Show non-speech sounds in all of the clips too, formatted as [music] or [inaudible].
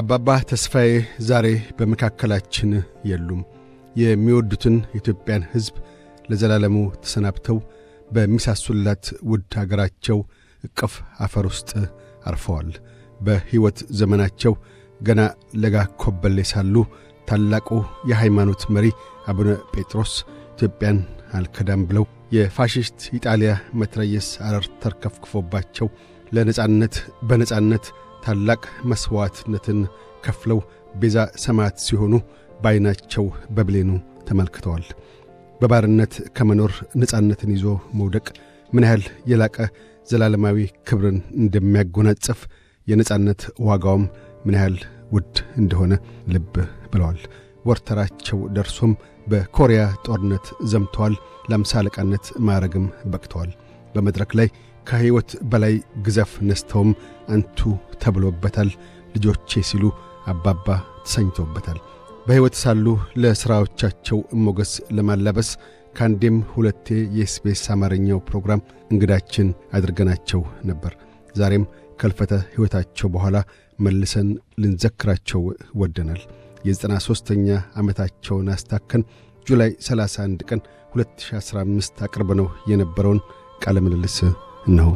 አባባ ተስፋዬ ዛሬ በመካከላችን የሉም። የሚወዱትን የኢትዮጵያን ሕዝብ ለዘላለሙ ተሰናብተው በሚሳሱላት ውድ አገራቸው እቅፍ አፈር ውስጥ አርፈዋል። በሕይወት ዘመናቸው ገና ለጋ ኮበሌ ሳሉ ታላቁ የሃይማኖት መሪ አቡነ ጴጥሮስ ኢትዮጵያን አልከዳም ብለው የፋሽስት ኢጣሊያ መትረየስ አረር ተርከፍክፎባቸው ለነጻነት በነጻነት ታላቅ መሥዋዕትነትን ከፍለው ቤዛ ሰማዕት ሲሆኑ በዐይናቸው በብሌኑ ተመልክተዋል። በባርነት ከመኖር ነፃነትን ይዞ መውደቅ ምን ያህል የላቀ ዘላለማዊ ክብርን እንደሚያጎናጽፍ የነፃነት ዋጋውም ምን ያህል ውድ እንደሆነ ልብ ብለዋል። ወርተራቸው ደርሶም በኮሪያ ጦርነት ዘምተዋል። ለአምሳ አለቃነት ማዕረግም በቅተዋል። በመድረክ ላይ ከሕይወት በላይ ግዘፍ ነስተውም አንቱ ተብሎበታል። ልጆቼ ሲሉ አባባ ተሰኝቶበታል። በሕይወት ሳሉ ለሥራዎቻቸው ሞገስ ለማላበስ ከአንዴም ሁለቴ የኤስቤስ አማርኛው ፕሮግራም እንግዳችን አድርገናቸው ነበር። ዛሬም ከልፈተ ሕይወታቸው በኋላ መልሰን ልንዘክራቸው ወደናል። የዘጠና ሦስተኛ ዓመታቸውን አስታከን ጁላይ 31 ቀን 2015 አቅርበነው የነበረውን ቃለ ምልልስ እነሆ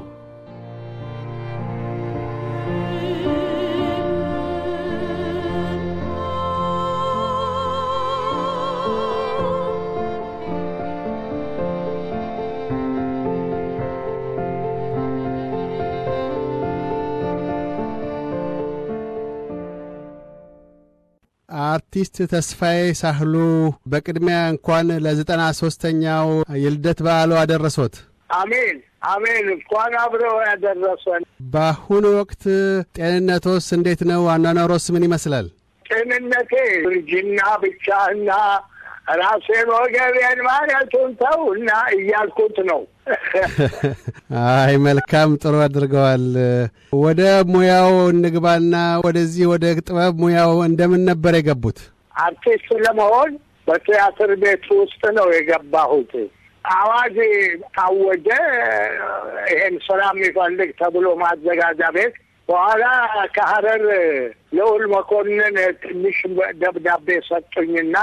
አርቲስት ተስፋዬ ሳህሉ በቅድሚያ እንኳን ለዘጠና ሶስተኛው የልደት በዓሉ አደረሶት። አሜን። አሜን። እንኳን አብረው ያደረሰን። በአሁኑ ወቅት ጤንነቶስ እንዴት ነው? አኗኗሮስ ምን ይመስላል? ጤንነቴ እርጅና ብቻና ራሴን ወገቤን ማለቱን ተው እና እያልኩት ነው። አይ መልካም ጥሩ አድርገዋል። ወደ ሙያው እንግባና ወደዚህ ወደ ጥበብ ሙያው እንደምን ነበር የገቡት? አርቲስት ለመሆን በቲያትር ቤት ውስጥ ነው የገባሁት። አዋጅ ታወጀ። ይሄን ስራ የሚፈልግ ተብሎ ማዘጋጃ ቤት በኋላ ከሀረር ልዑል መኮንን ትንሽ ደብዳቤ ሰጡኝና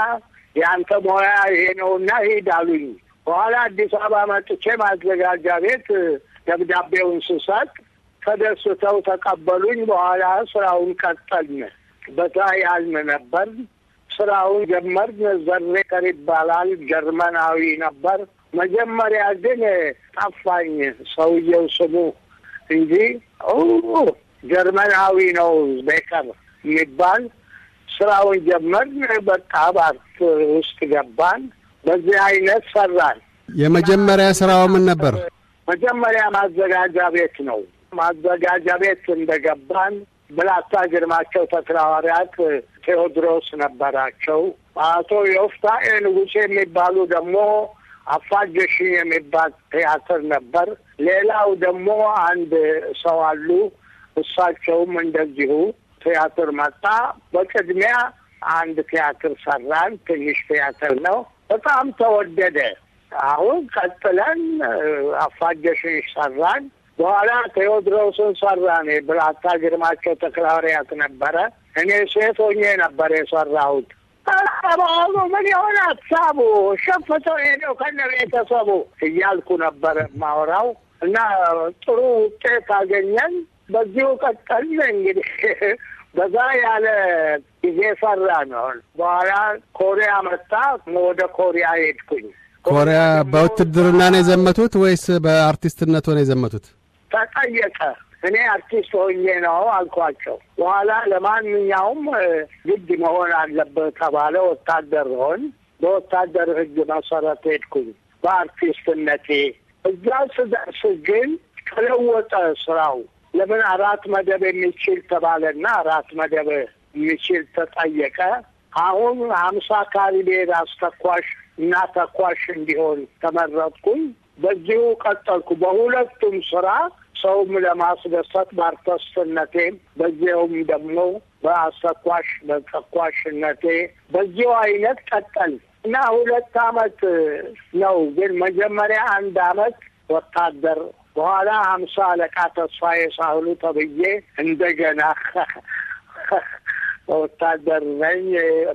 የአንተ ሙያ ይሄ ነውና ሂድ አሉኝ። በኋላ አዲስ አበባ መጥቼ ማዘጋጃ ቤት ደብዳቤውን ስሰጥ ተደስተው ተቀበሉኝ። በኋላ ስራውን ቀጠልን። በዛ ያልን ነበር። ስራውን ጀመርን። ዘሬከር ይባላል ጀርመናዊ ነበር። መጀመሪያ ግን ጠፋኝ ሰውየው ስሙ እንጂ ጀርመናዊ ነው ቤከር የሚባል ስራውን ጀመር። በቃ ባርት ውስጥ ገባን። በዚህ አይነት ሰራን። የመጀመሪያ ስራው ምን ነበር? መጀመሪያ ማዘጋጃ ቤት ነው። ማዘጋጃ ቤት እንደገባን ብላታ ግርማቸው ተክለሐዋርያት ቴዎድሮስ ነበራቸው። አቶ ዮፍታሔ ንጉሴ የሚባሉ ደግሞ አፋጀሽኝ የሚባል ቲያትር ነበር። ሌላው ደግሞ አንድ ሰው አሉ። እሳቸውም እንደዚሁ ቲያትር መጣ። በቅድሚያ አንድ ቲያትር ሰራን። ትንሽ ቲያትር ነው። በጣም ተወደደ። አሁን ቀጥለን አፋጀሽን ሰራን። በኋላ ቴዎድሮስን ሰራን። ብላታ ግርማቸው ተክለሐዋርያት ነበረ። እኔ ሴት ሆኜ ነበር የሰራሁት። ምን የሆነ ሀሳቡ ሸፍቶ ሄደው ከነ ቤተሰቡ እያልኩ ነበር ማወራው እና ጥሩ ውጤት አገኘን። በዚሁ ቀጠል እንግዲህ በዛ ያለ ጊዜ ሰራ ነው። በኋላ ኮሪያ መጣ። ወደ ኮሪያ ሄድኩኝ። ኮሪያ በውትድርና ነው የዘመቱት ወይስ በአርቲስትነት ሆነ የዘመቱት? ተጠየቀ እኔ አርቲስት ሆኜ ነው አልኳቸው። በኋላ ለማንኛውም ግድ መሆን አለበት ተባለ። ወታደር ሆን በወታደር ህግ መሰረት ሄድኩኝ በአርቲስትነቴ። እዛ ስደርስ ግን ተለወጠ ስራው። ለምን አራት መደብ የሚችል ተባለና አራት መደብ የሚችል ተጠየቀ። አሁን ሀምሳ ካሪቤር አስተኳሽ እና ተኳሽ እንዲሆን ተመረጥኩኝ። በዚሁ ቀጠልኩ በሁለቱም ስራ ሰውም ለማስደሰት በአርቲስትነቴ በዚያውም ደግሞ በአስተኳሽ በጨኳሽነቴ በዚያው አይነት ቀጠል እና ሁለት አመት ነው። ግን መጀመሪያ አንድ አመት ወታደር በኋላ ሀምሳ አለቃ ተስፋዬ ሳህሉ ተብዬ እንደገና [laughs] ወታደር ነኝ።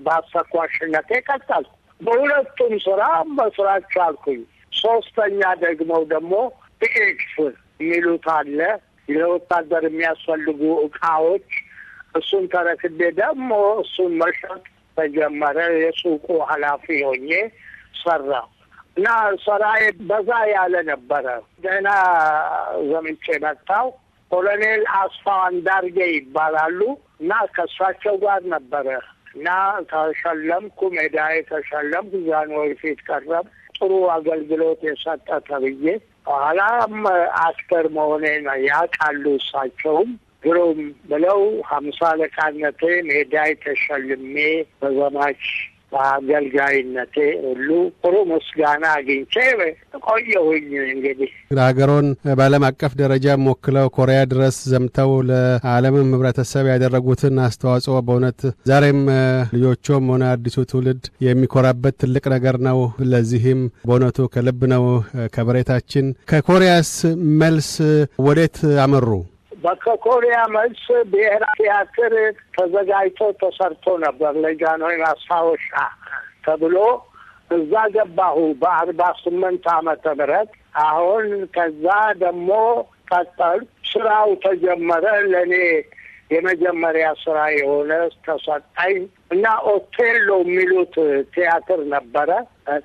በአስተኳሽነቴ ቀጠል። በሁለቱም ስራ በስራ ቻልኩኝ። ሶስተኛ ደግሞ ደግሞ ፒኤክስ የሚሉት አለ። ለወታደር የሚያስፈልጉ እቃዎች እሱን ተረክቤ ደግሞ እሱን መሸጥ ተጀመረ። የሱቁ ኃላፊ ሆኜ ሰራ እና ሰራዬ በዛ ያለ ነበረ። ገና ዘምቼ መጣው ኮሎኔል አስፋ አንዳርጌ ይባላሉ እና ከእሳቸው ጋር ነበረ እና ተሸለምኩ። ሜዳዬ ተሸለምኩ። ጃንሆይ ፊት ቀረብ ጥሩ አገልግሎት የሰጠ ተብዬ በኋላም አክተር መሆኔን ያውቃሉ እሳቸውም ግሩም ብለው ሀምሳ አለቃነቴን ሜዳይ ተሸልሜ በዘማች በአገልጋይነቴ ሁሉ ጥሩ ምስጋና አግኝቼ ቆየሁኝ። እንግዲህ ለሀገሮን በዓለም አቀፍ ደረጃ ሞክለው ኮሪያ ድረስ ዘምተው ለዓለምም ህብረተሰብ ያደረጉትን አስተዋጽኦ በእውነት ዛሬም ልጆቹም ሆነ አዲሱ ትውልድ የሚኮራበት ትልቅ ነገር ነው። ለዚህም በእውነቱ ከልብ ነው ከበሬታችን። ከኮሪያስ መልስ ወዴት አመሩ? በኮኮሪያ መልስ ብሔራዊ ቲያትር ተዘጋጅቶ ተሰርቶ ነበር ለጃንሆይ ማስታወሻ ተብሎ እዛ ገባሁ በአርባ ስምንት አመተ ምህረት አሁን ከዛ ደግሞ ቀጠል ስራው ተጀመረ። ለእኔ የመጀመሪያ ስራ የሆነ ተሰጣኝ እና ኦቴሎ የሚሉት ቲያትር ነበረ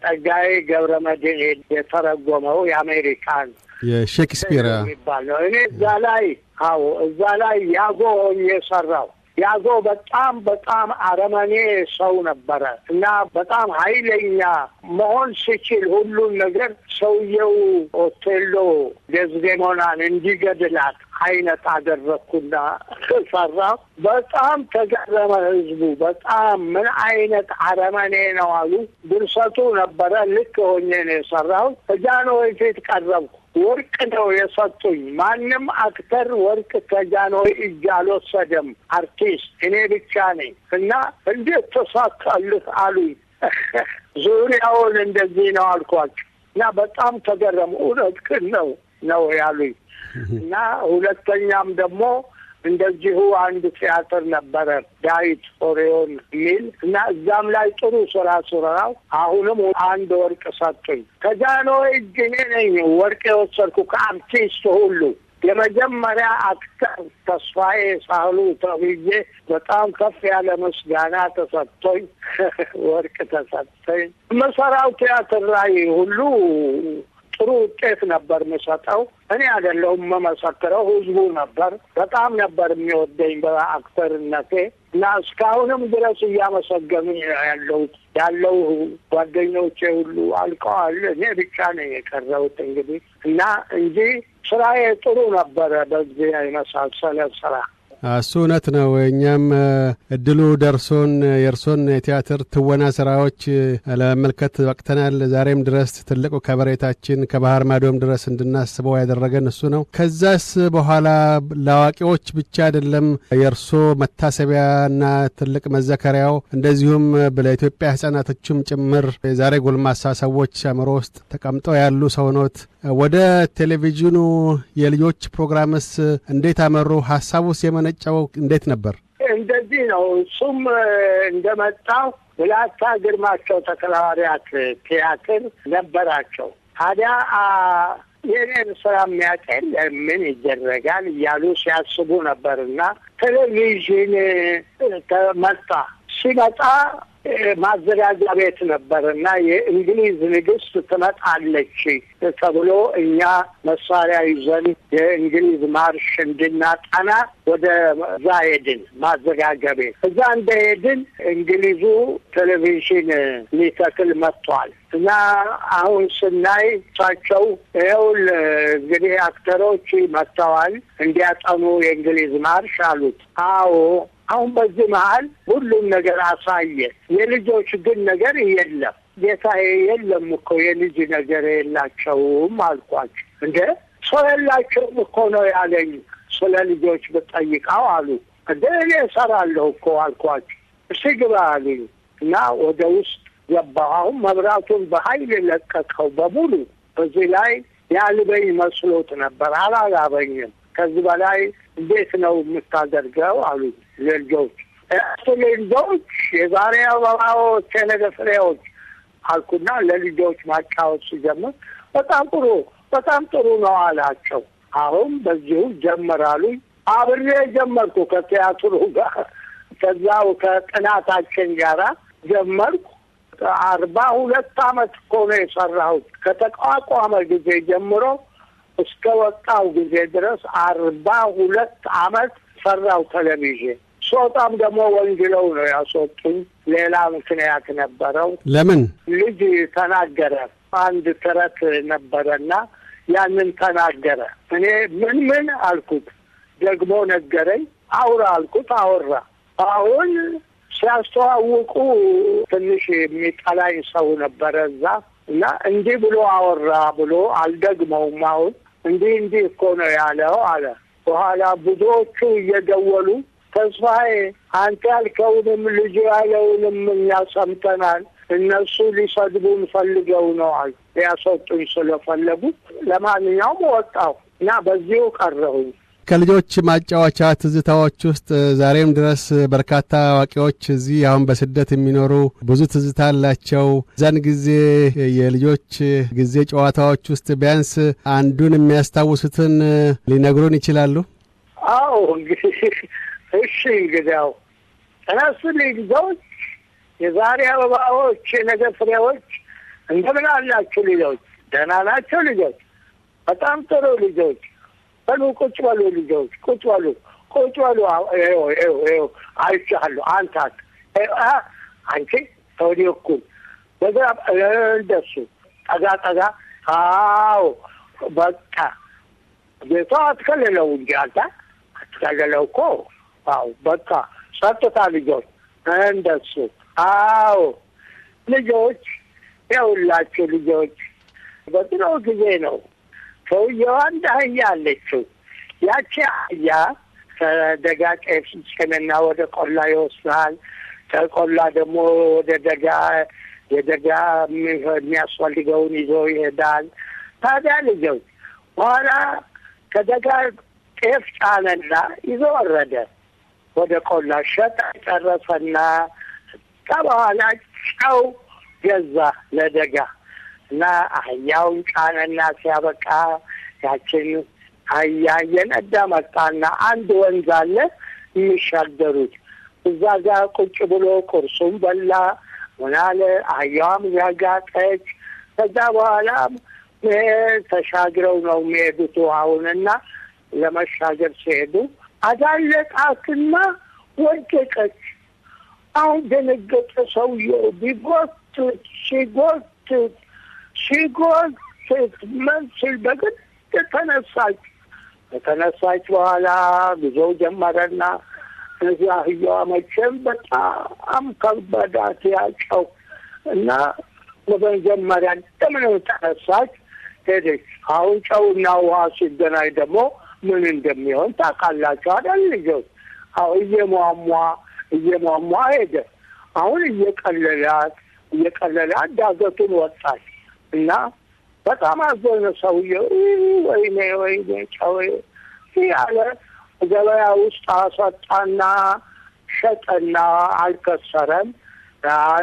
ጠጋዬ ገብረ መድኅን የተረጎመው የአሜሪካን የሼክስፒር የሚባል ነው። እኔ እዛ ላይ አዎ እዛ ላይ ያጎ የሰራው ያጎ በጣም በጣም አረመኔ ሰው ነበረ እና በጣም ኃይለኛ መሆን ሲችል ሁሉን ነገር ሰውየው ኦቴሎ ደዝዴሞናን እንዲገድላት አይነት አደረግኩና ሰራ። በጣም ተገረመ ህዝቡ። በጣም ምን አይነት አረመኔ ነው አሉ። ድርሰቱ ነበረ። ልክ ሆኜ ነው የሰራሁት። እጃኖ ፊት ቀረብኩ ወርቅ ነው የሰጡኝ። ማንም አክተር ወርቅ ከጃንሆይ እጅ አልወሰደም። አርቲስት እኔ ብቻ ነኝ እና እንዴት ተሳካልህ አሉኝ። [laughs] ዙሪያውን እንደዚህ ነው አልኳቸው እና በጣም ተገረሙ። እውነት ነው ነው ያሉኝ [laughs] እና ሁለተኛም ደግሞ እንደዚሁ አንድ ቲያትር ነበረ ዳዊት ኦሪዮን የሚል እና እዛም ላይ ጥሩ ስራ ስራው አሁንም አንድ ወርቅ ሰጡኝ። ከጃኖ እጅ እኔ ነኝ ወርቅ የወሰድኩ ከአርቲስት ሁሉ የመጀመሪያ አክተር ተስፋዬ ሳህሉ ተብዬ በጣም ከፍ ያለ ምስጋና ተሰጥቶኝ [laughs] ወርቅ ተሰጥቶኝ መሰራው ቲያትር ላይ ሁሉ ጥሩ ውጤት ነበር የምሰጠው። እኔ አይደለሁም የምመሰክረው፣ ህዝቡ ነበር። በጣም ነበር የሚወደኝ በአክተርነቴ እና እስካሁንም ድረስ እያመሰገኑኝ ያለው ያለው ጓደኞቼ ሁሉ አልቀዋል። እኔ ብቻ ነው የቀረሁት እንግዲህ እና እንጂ ስራዬ ጥሩ ነበረ በዚህ የመሳሰለ ስራ እሱ እውነት ነው። እኛም እድሉ ደርሶን የእርሶን የቲያትር ትወና ስራዎች ለመመልከት በቅተናል። ዛሬም ድረስ ትልቁ ከበሬታችን ከባህር ማዶም ድረስ እንድናስበው ያደረገን እሱ ነው። ከዛስ በኋላ ለአዋቂዎች ብቻ አይደለም የእርሶ መታሰቢያና ትልቅ መዘከሪያው፣ እንደዚሁም ለኢትዮጵያ ህጻናቶችም ጭምር የዛሬ ጎልማሳ ሰዎች አእምሮ ውስጥ ተቀምጠው ያሉ ሰውኖት ወደ ቴሌቪዥኑ የልጆች ፕሮግራምስ እንዴት አመሩ? ሀሳቡስ የመነጨው እንዴት ነበር? እንደዚህ ነው። እሱም እንደመጣው ብላታ ግርማቸው ተክለሐዋርያት ቲያትር ነበራቸው። ታዲያ የኔን ስራ የሚያቀል ምን ይደረጋል እያሉ ሲያስቡ ነበርና ቴሌቪዥን መጣ። ሲመጣ ማዘጋጃ ቤት ነበር እና የእንግሊዝ ንግስት ትመጣለች ተብሎ እኛ መሳሪያ ይዘን የእንግሊዝ ማርሽ እንድናጠና ወደ እዛ ሄድን። ማዘጋጃ ቤት እዛ እንደሄድን እንግሊዙ ቴሌቪዥን ሊተክል መጥቷል እና አሁን ስናይ እሳቸው ይኸውል እንግዲህ አክተሮች መጥተዋል እንዲያጠኑ የእንግሊዝ ማርሽ አሉት። አዎ አሁን በዚህ መሀል ሁሉም ነገር አሳየ የልጆች ግን ነገር የለም ጌታዬ፣ የለም እኮ የልጅ ነገር የላቸውም አልኳቸው። እንደ ሰው የላቸውም እኮ ነው ያለኝ። ስለ ልጆች ብጠይቃው አሉ። እንደ እኔ እሰራለሁ እኮ አልኳቸው። እሺ ግባ አሉኝ እና ወደ ውስጥ ገባሁ። አሁን መብራቱን በኃይል ለቀቀው በሙሉ። በዚህ ላይ ያልበኝ መስሎት ነበር። አላላበኝም። ከዚህ በላይ እንዴት ነው የምታደርገው አሉኝ። ለልጆች እሱ ለልጆች የዛሬ አበባዎች የነገ ፍሬዎች አልኩና ለልጆች ማጫወት ሲጀምር በጣም ጥሩ በጣም ጥሩ ነው አላቸው። አሁን በዚሁ ጀመራሉኝ። አብሬ ጀመርኩ ከቲያትሩ ጋር ከዛው ከጥናታችን ጋራ ጀመርኩ። አርባ ሁለት አመት እኮ ነው የሰራሁት ከተቋቋመ ጊዜ ጀምሮ እስከ ወጣው ጊዜ ድረስ አርባ ሁለት አመት ሰራው ቴሌቪዥን ሶጣም ደግሞ ወንጅለው ነው ያስወጡኝ። ሌላ ምክንያት ነበረው። ለምን ልጅ ተናገረ። አንድ ተረት ነበረና ያንን ተናገረ። እኔ ምን ምን አልኩት። ደግሞ ነገረኝ። አውራ አልኩት። አወራ። አሁን ሲያስተዋውቁ ትንሽ የሚጠላኝ ሰው ነበረ እዛ እና እንዲህ ብሎ አወራ ብሎ አልደግመውም። አሁን እንዲህ እንዲህ እኮ ነው ያለው አለ። በኋላ ብዙዎቹ እየደወሉ ተስፋዬ አንተ ያልከውንም ልጁ ያለውንም እኛ ሰምተናል። እነሱ ሊሰድቡን ፈልገው ነው አሉ። ሊያስወጡኝ ስለፈለጉ ለማንኛውም ወጣሁ እና በዚሁ ቀረሁኝ። ከልጆች ማጫወቻ ትዝታዎች ውስጥ ዛሬም ድረስ በርካታ አዋቂዎች እዚህ አሁን በስደት የሚኖሩ ብዙ ትዝታ አላቸው። እዛን ጊዜ የልጆች ጊዜ ጨዋታዎች ውስጥ ቢያንስ አንዱን የሚያስታውሱትን ሊነግሩን ይችላሉ? አዎ እንግዲህ እሺ እንግዲያው ተናስልኝ ልጆች፣ የዛሬ አበባዎች፣ የነገ ፍሬዎች፣ እንደምን አላችሁ ልጆች? ደህና ናቸው ልጆች? በጣም ጥሩ ልጆች። በሉ ቁጭ በሉ ልጆች፣ ቁጭ በሉ፣ ቁጭ በሉ። አይቻሉ አንታት አንቺ ከወዲህ እኩል በዛ እንደሱ ጠጋ ጠጋ። አዎ በቃ ቤቷ አትከልለው እንጂ አንተ አትከልለው እኮ አዎ፣ በቃ ጸጥታ ልጆች እንደሱ። አዎ ልጆች የሁላችሁ ልጆች በድሮ ጊዜ ነው። ሰውየው አንድ አህያ አለችው። ያቺ አህያ ከደጋ ጤፍ ይጭንና ወደ ቆላ ይወስናል። ከቆላ ደግሞ ወደ ደጋ የደጋ የሚያስፈልገውን ይዞ ይሄዳል። ታዲያ ልጆች በኋላ ከደጋ ጤፍ ጫነና ይዞ ወረደ። ወደ ቆላ ሸጠ ጨረሰና ከበኋላ ጨው ገዛ ለደጋ እና አህያውን ጫነና ሲያበቃ ያችን አህያ የነዳ መጣና አንድ ወንዝ አለ የሚሻገሩት እዛ ጋ ቁጭ ብሎ ቁርሱም በላ ምናለ አህያዋም ያጋጠች ከዛ በኋላም ተሻግረው ነው የሚሄዱት ውሃውንና ለመሻገር ሲሄዱ አዳለጣትና ወደቀች። አሁን ደነገጠ ሰውየው። ቢጎትት ሲጎትት ሲጎትት መሲል በግድ ተነሳች። ከተነሳች በኋላ ጉዞ ጀመረና እነዚህ አህያዋ መቼም በጣም ከበዳት ያጨው እና በመጀመሪያ እንደምንም ተነሳች ሄደች። አሁን ጨውና ውሃ ሲገናኝ ደግሞ ምን እንደሚሆን ታውቃላችሁ አይደል? ልጆች አሁ እየሟሟ እየሟሟ ሄደ። አሁን እየቀለላት እየቀለላት ዳገቱን ወጣች እና በጣም አዘነ ሰውየው። ወይኔ ወይኔ ጨው ያለ ገበያ ውስጥ አስወጣና ሸጠና አልከሰረም።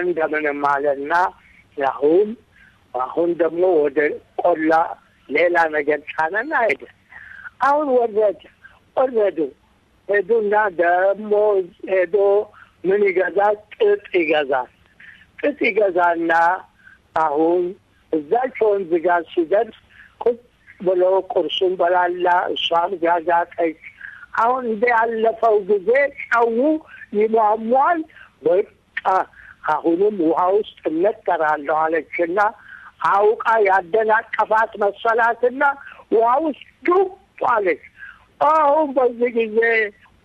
እንደምንም አለና አሁን አሁን ደግሞ ወደ ቆላ ሌላ ነገር ጫነና አይደል አሁን ወረድ ወረዱ ሄዱና ደግሞ ሄዶ ምን ይገዛል? ጥጥ ይገዛል። ጥጥ ይገዛና አሁን እዛ ወንዝ ጋር ሲደርስ ቁጭ ብሎ ቁርሱን በላላ፣ እሷም ጋጋጠች። አሁን እንደ ያለፈው ጊዜ ጨው ይሟሟል። በቃ አሁንም ውሃ ውስጥ እነጠራለሁ አለችና አውቃ ያደናቀፋት መሰላትና ውሃ ውስጥ ዱብ መጥቷለች። አሁን በዚህ ጊዜ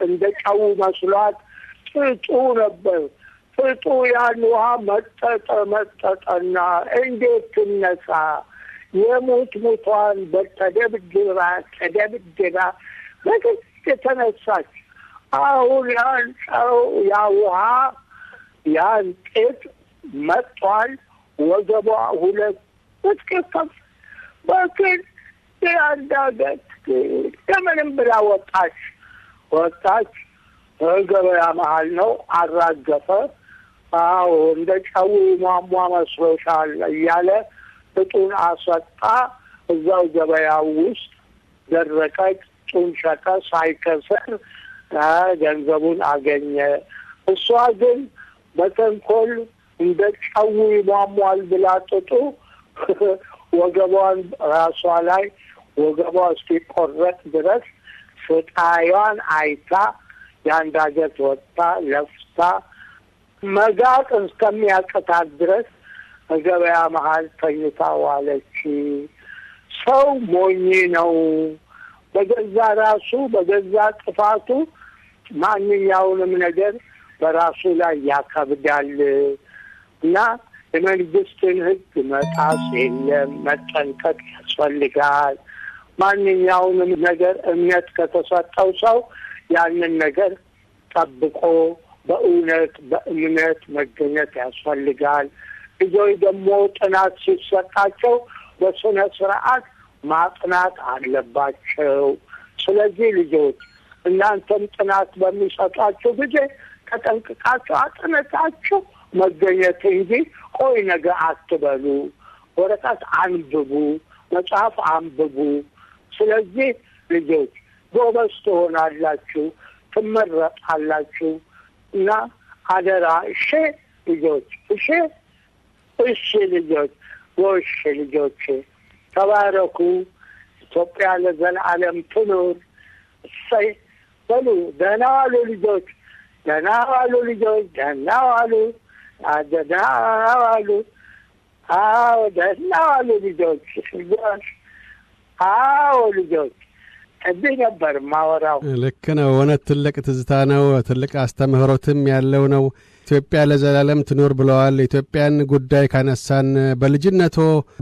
እንደ ጨው መስሏት ጥጡ ነበር። ጥጡ ያን ውሃ መጠጠ መጠጠና እንዴት ትነሳ? የሙት ሙቷን በተደብድባ ተደብድባ በግድ ተነሳች! አሁን ያን ጨው ያ ውሃ ያን ጤጥ መጧል ወገቧ ሁለት ምትከፈፍ በግድ ያንዳገት ከምንም ብላ ወጣች ወጣች። ገበያ መሀል ነው አራገፈ። አዎ እንደ ጨው ሟሟ መስሎሻል እያለ እጡን አሰጣ። እዛው ገበያ ውስጥ ደረቀች። ጡን ሸጠ ሳይከስር ገንዘቡን አገኘ። እሷ ግን በተንኮል እንደ ጨው ይሟሟል ብላ ጥጡ [laughs] ወገቧን ራሷ ላይ ወገቧ እስኪቆረጥ ድረስ ስቃዩን አይታ የአንድ አገር ወጥታ ለፍታ መጋጥ እስከሚያቅታት ድረስ በገበያ መሀል ተኝታ ዋለች። ሰው ሞኝ ነው። በገዛ ራሱ በገዛ ጥፋቱ ማንኛውንም ነገር በራሱ ላይ ያከብዳል እና የመንግስትን ሕግ መጣስ የለም መጠንቀቅ ያስፈልጋል። ማንኛውንም ነገር እምነት ከተሰጠው ሰው ያንን ነገር ጠብቆ በእውነት በእምነት መገኘት ያስፈልጋል። ልጆች ደግሞ ጥናት ሲሰጣቸው በስነ ስርዓት ማጥናት አለባቸው። ስለዚህ ልጆች እናንተም ጥናት በሚሰጧቸው ጊዜ ተጠንቅቃችሁ አጥነታችሁ መገኘት እንጂ ቆይ ነገ አትበሉ፣ ወረቀት አንብቡ፣ መጽሐፍ አንብቡ ስለዚህ ልጆች ጎበዝ ትሆናላችሁ፣ ትመረጣላችሁ እና አደራ። እሺ ልጆች፣ እሺ፣ እሺ ልጆች፣ ጎሽ ልጆች፣ ተባረኩ። ኢትዮጵያ ለዘላለም ትኑር። እሰይ በሉ። ደህና ዋሉ ልጆች፣ ደህና ዋሉ ልጆች፣ ደህና ዋሉ፣ ደህና ዋሉ። አዎ ደህና ዋሉ ልጆች። ልጆች አዎ ልጆች እዚህ ነበር ማወራው። ልክ ነው። እውነት ትልቅ ትዝታ ነው። ትልቅ አስተምህሮትም ያለው ነው። ኢትዮጵያ ለዘላለም ትኖር ብለዋል። ኢትዮጵያን ጉዳይ ካነሳን በልጅነቶ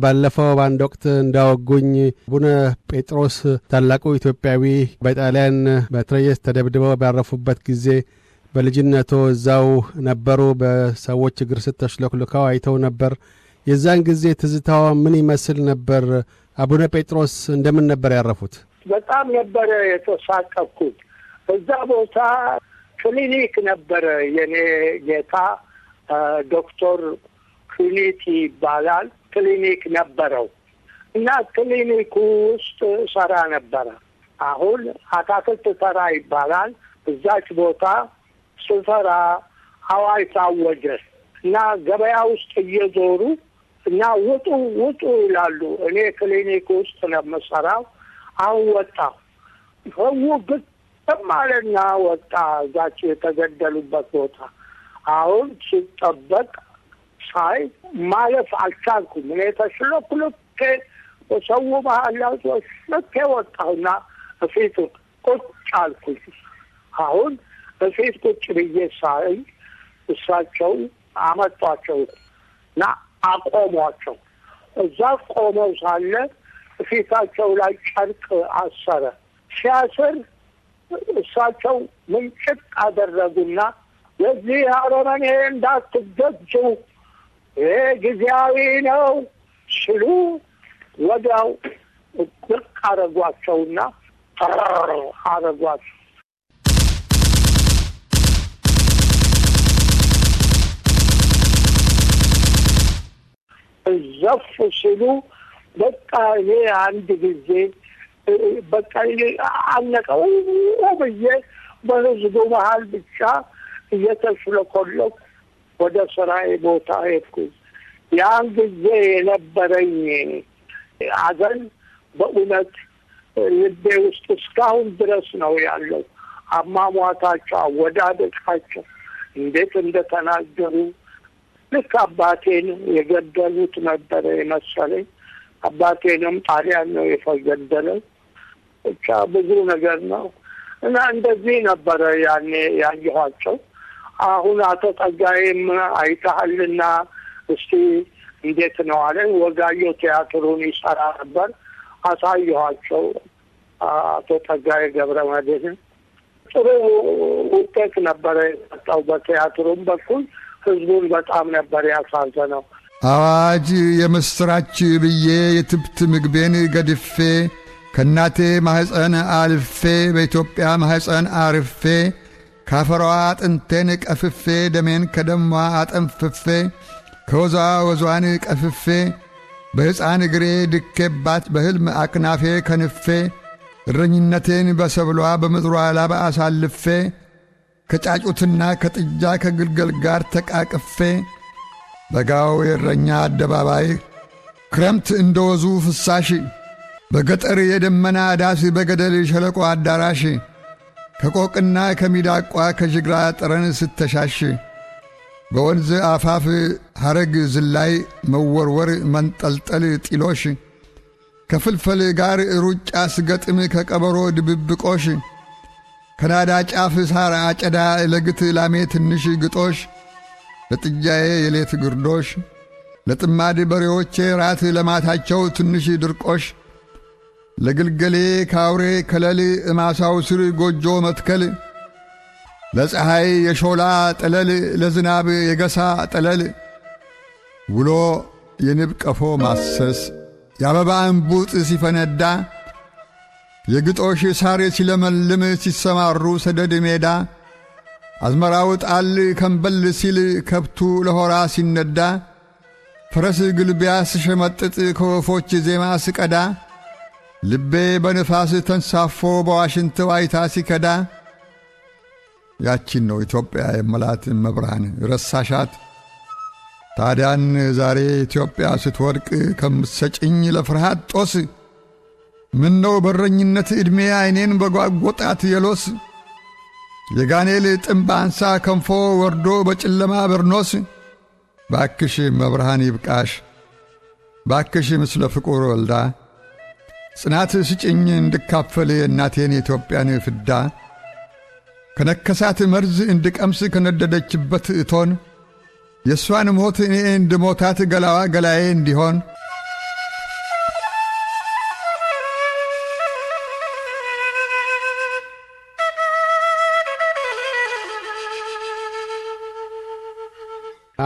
ባለፈው በአንድ ወቅት እንዳወጉኝ አቡነ ጴጥሮስ ታላቁ ኢትዮጵያዊ በጣሊያን በትረየስ ተደብድበው ባረፉበት ጊዜ በልጅነቶ እዛው ነበሩ። በሰዎች እግር ስር ተሽለክልከው አይተው ነበር። የዛን ጊዜ ትዝታዋ ምን ይመስል ነበር? አቡነ ጴጥሮስ እንደምን ነበር ያረፉት? በጣም ነበረ የተሳቀኩት። እዛ ቦታ ክሊኒክ ነበረ። የኔ ጌታ ዶክተር ክሊኒክ ይባላል። ክሊኒክ ነበረው እና ክሊኒኩ ውስጥ ሰራ ነበረ። አሁን አታክልት ሰራ ይባላል። እዛች ቦታ ስሰራ አዋጅ ታወጀ እና ገበያ ውስጥ እየዞሩ እና ውጡ ውጡ ይላሉ። እኔ ክሊኒክ ውስጥ ነው የምሰራው። አሁን ወጣ ህቡ ብትም አለና ወጣ እዛቸው የተገደሉበት ቦታ አሁን ሲጠበቅ ሳይ ማለፍ አልቻልኩም። እኔ ተሽሎክ ልኬ ሰው መሀል ያውጭ ልኬ ወጣሁና እፊቱ ቁጭ አልኩኝ። አሁን እፊት ቁጭ ብዬ ሳይ እሳቸው አመጧቸው እና አቆሟቸው። እዛ ቆመው ሳለ ፊታቸው ላይ ጨርቅ አሰረ። ሲያስር እሳቸው ምንጭቅ አደረጉና የዚህ አረመኔ እንዳትገጁ ይሄ ጊዜያዊ ነው ሲሉ ወዲያው ብቅ አረጓቸውና ጠር አረጓቸው። እዛፍ ሲሉ በቃ ይሄ አንድ ጊዜ በቃ እኔ አነቀው ብዬ በህዝቡ መሀል ብቻ እየተሽለኮለኩ ወደ ስራዬ ቦታ ሄድኩ። ያን ጊዜ የነበረኝ አዘን በእውነት ልቤ ውስጥ እስካሁን ድረስ ነው ያለው። አሟሟታቸው፣ አወዳደቃቸው እንዴት እንደተናገሩ ልክ አባቴን የገደሉት ነበረ የመሰለኝ። አባቴንም ጣሊያን ነው የተገደለው። ብቻ ብዙ ነገር ነው እና እንደዚህ ነበረ ያኔ ያየኋቸው። አሁን አቶ ጸጋዬም አይተሃልና እስቲ እንዴት ነው አለኝ። ወጋየሁ ቲያትሩን ይሰራ ነበር። አሳየኋቸው። አቶ ጸጋዬ ገብረ መድህን ጥሩ ውጤት ነበረ የመጣው በቲያትሩም በኩል ህዝቡን በጣም ነበር ያሳዘነው። አዋጅ የምሥራች ብዬ የትብት ምግቤን ገድፌ ከእናቴ ማኅፀን አልፌ በኢትዮጵያ ማኅፀን አርፌ ካፈሯ አጥንቴን ቀፍፌ ደሜን ከደሟ አጠንፍፌ ከወዟ ወዟን ቀፍፌ በሕፃን እግሬ ድኬባት በሕልም አክናፌ ከንፌ እረኝነቴን በሰብሏ በምድሯ ላብ አሳልፌ ከጫጩትና ከጥጃ ከግልገል ጋር ተቃቅፌ በጋው የእረኛ አደባባይ ክረምት እንደ ወዙ ፍሳሽ በገጠር የደመና ዳስ በገደል ሸለቆ አዳራሽ ከቆቅና ከሚዳቋ ከጅግራ ጠረን ስተሻሽ በወንዝ አፋፍ ሐረግ ዝላይ መወርወር መንጠልጠል ጢሎሽ ከፍልፈል ጋር ሩጫ ስገጥም ከቀበሮ ድብብቆሽ ከናዳ ጫፍ ሳር አጨዳ ለግት ላሜ ትንሽ ግጦሽ ለጥጃዬ የሌት ግርዶሽ ለጥማድ በሬዎቼ ራት ለማታቸው ትንሽ ድርቆሽ ለግልገሌ ካውሬ ከለል እማሳው ስር ጎጆ መትከል ለፀሐይ የሾላ ጠለል ለዝናብ የገሳ ጠለል ውሎ የንብ ቀፎ ማሰስ የአበባ እንቡጥ ሲፈነዳ የግጦሽ ሳር ሲለመልም ሲሰማሩ ሰደድ ሜዳ አዝመራው ጣል ከንበል ሲል ከብቱ ለሆራ ሲነዳ ፈረስ ግልቢያ ስሸመጥጥ ከወፎች ዜማ ስቀዳ ልቤ በንፋስ ተንሳፎ በዋሽንት ዋይታ ሲከዳ ያቺን ነው ኢትዮጵያ የመላት መብርሃን ረሳሻት። ታዲያን ዛሬ ኢትዮጵያ ስትወድቅ ከምትሰጭኝ ለፍርሃት ጦስ ምነው በረኝነት ዕድሜ ዐይኔን በጓጐጣት የሎስ የጋኔል ጥምብ አንሳ ከንፎ ወርዶ በጨለማ በርኖስ ባክሽ መብርሃን ይብቃሽ ባክሽ ምስለ ፍቁር ወልዳ ጽናት ስጭኝ እንድካፈል የእናቴን የኢትዮጵያን ፍዳ ከነከሳት መርዝ እንድቀምስ ከነደደችበት እቶን የእሷን ሞት እኔ እንድሞታት ገላዋ ገላዬ እንዲሆን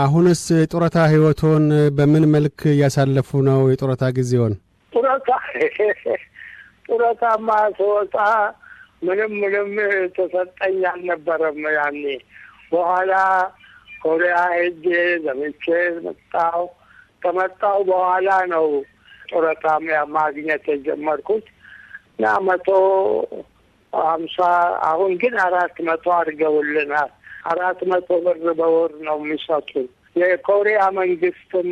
አሁንስ የጡረታ ህይወቶን በምን መልክ እያሳለፉ ነው? የጡረታ ጊዜውን ጡረታ [laughs] ጡረታማ ስወጣ ምንም ምንም ተሰጠኝ አልነበረም። ያኔ በኋላ ኮሪያ ሄጄ ዘመቼ መጣሁ። ከመጣሁ በኋላ ነው ጡረታ ማግኘት የጀመርኩት እና መቶ ሀምሳ አሁን ግን አራት መቶ አድርገውልናል። አራት መቶ ብር በወር ነው የሚሰጡን። የኮሪያ መንግስትም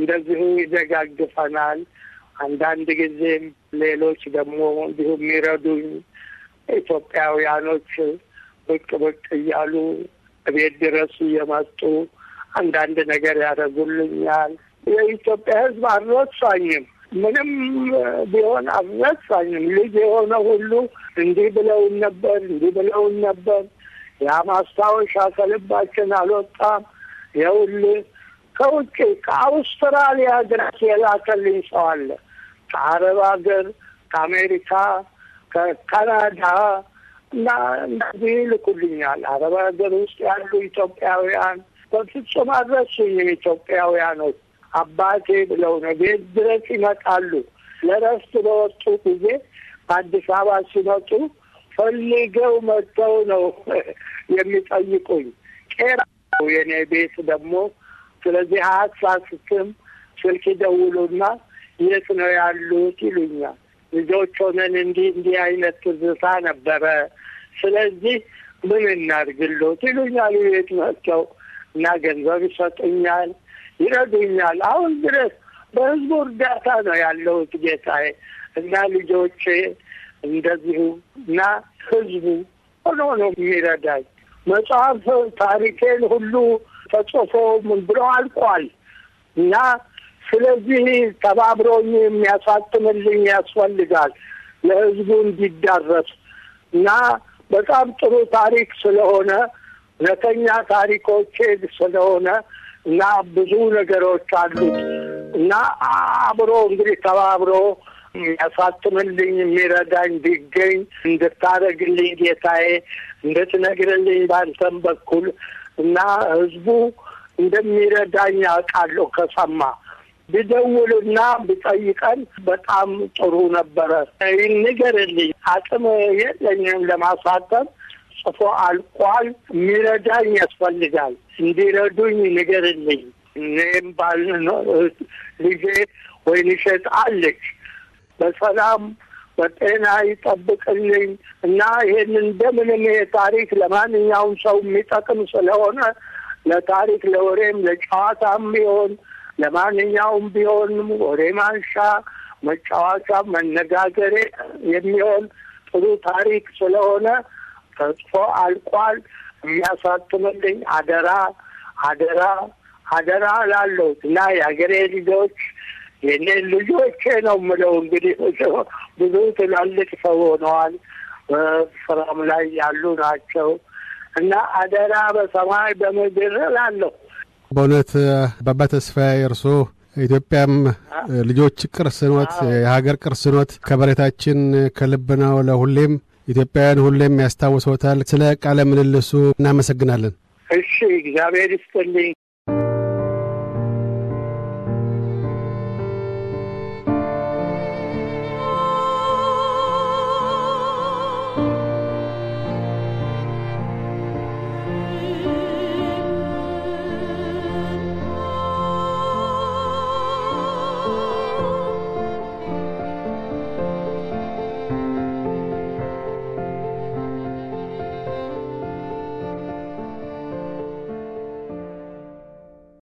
እንደዚሁ ይደጋግፈናል። አንዳንድ ጊዜም ሌሎች ደግሞ እንዲሁ የሚረዱኝ ኢትዮጵያውያኖች ብቅ ብቅ እያሉ እቤት ድረስ እየመጡ አንዳንድ ነገር ያደርጉልኛል። የኢትዮጵያ ሕዝብ አልረሳኝም። ምንም ቢሆን አልረሳኝም። ልጅ የሆነ ሁሉ እንዲህ ብለውን ነበር፣ እንዲህ ብለውን ነበር ያ ማስታወሻ ከልባችን አልወጣም። የውል ከውጭ ከአውስትራሊያ ድረስ የላከልኝ ሰው አለ። ከአረብ ሀገር፣ ከአሜሪካ፣ ከካናዳ እና እንደዚህ ይልኩልኛል። አረብ ሀገር ውስጥ ያሉ ኢትዮጵያውያን በፍጹም አድረሱኝም። ኢትዮጵያውያኖች አባቴ ብለው ነው ቤት ድረስ ይመጣሉ። ለረፍት በወጡ ጊዜ በአዲስ አበባ ሲመጡ ፈልገው መጥተው ነው [laughs] የሚጠይቁኝ። ቄራ ነው የኔ ቤት ደግሞ። ስለዚህ አያሳስትም። ስልክ ይደውሉና የት ነው ያሉት ይሉኛል። ልጆች ሆነን እንዲህ እንዲህ አይነት ትዝታ ነበረ። ስለዚህ ምን እናርግሎት ይሉኛል። ቤት መጥተው እና ገንዘብ ይሰጡኛል፣ ይረዱኛል። አሁን ድረስ በህዝቡ እርዳታ ነው ያለሁት ጌታዬ እና ልጆቼ እንደዚሁ እና ህዝቡ ሆኖ ነው የሚረዳኝ። መጽሐፍ ታሪኬን ሁሉ ተጽፎ ምን ብሎ አልቋል እና ስለዚህ ተባብሮኝ የሚያሳትምልኝ ያስፈልጋል ለህዝቡ እንዲዳረስ እና በጣም ጥሩ ታሪክ ስለሆነ እውነተኛ ታሪኮቼ ስለሆነ እና ብዙ ነገሮች አሉት እና አብሮ እንግዲህ ተባብሮ ያሳትምልኝ የሚረዳኝ ቢገኝ እንድታደርግልኝ ጌታዬ እንድትነግርልኝ ባንተም በኩል እና ህዝቡ እንደሚረዳኝ አውቃለሁ። ከሰማ ብደውልና ብጠይቀን በጣም ጥሩ ነበረ። ይንገርልኝ አቅም የለኝም ለማሳተም ጽፎ አልቋል። የሚረዳኝ ያስፈልጋል። እንዲረዱኝ ንገርልኝ። እኔም ባል ልጄ ወይን ሸጥ አለች በሰላም በጤና ይጠብቅልኝ እና ይህን እንደምንም ይሄ ታሪክ ለማንኛውም ሰው የሚጠቅም ስለሆነ ለታሪክ ለወሬም ለጨዋታም ቢሆን ለማንኛውም ቢሆን ወሬ ማንሻ መጫወቻ፣ መነጋገሬ የሚሆን ጥሩ ታሪክ ስለሆነ ተጽፎ አልቋል። የሚያሳትምልኝ አደራ አደራ አደራ ላለሁት እና የሀገሬ ልጆች የኔ ልጆቼ ነው የምለው እንግዲህ ብዙ ትላልቅ ሰው ሆነዋል፣ ስራም ላይ ያሉ ናቸው እና አደራ በሰማይ በምድር ላለሁ በእውነት አባባ ተስፋዬ ኢትዮጵያም ልጆች ቅርስ ኖት፣ የሀገር ቅርስ ኖት። ከበሬታችን ከልብ ነው ለሁሌም ኢትዮጵያውያን ሁሌም ያስታውሰውታል ስለ ቃለ ምልልሱ እናመሰግናለን። እሺ፣ እግዚአብሔር ይስጥልኝ።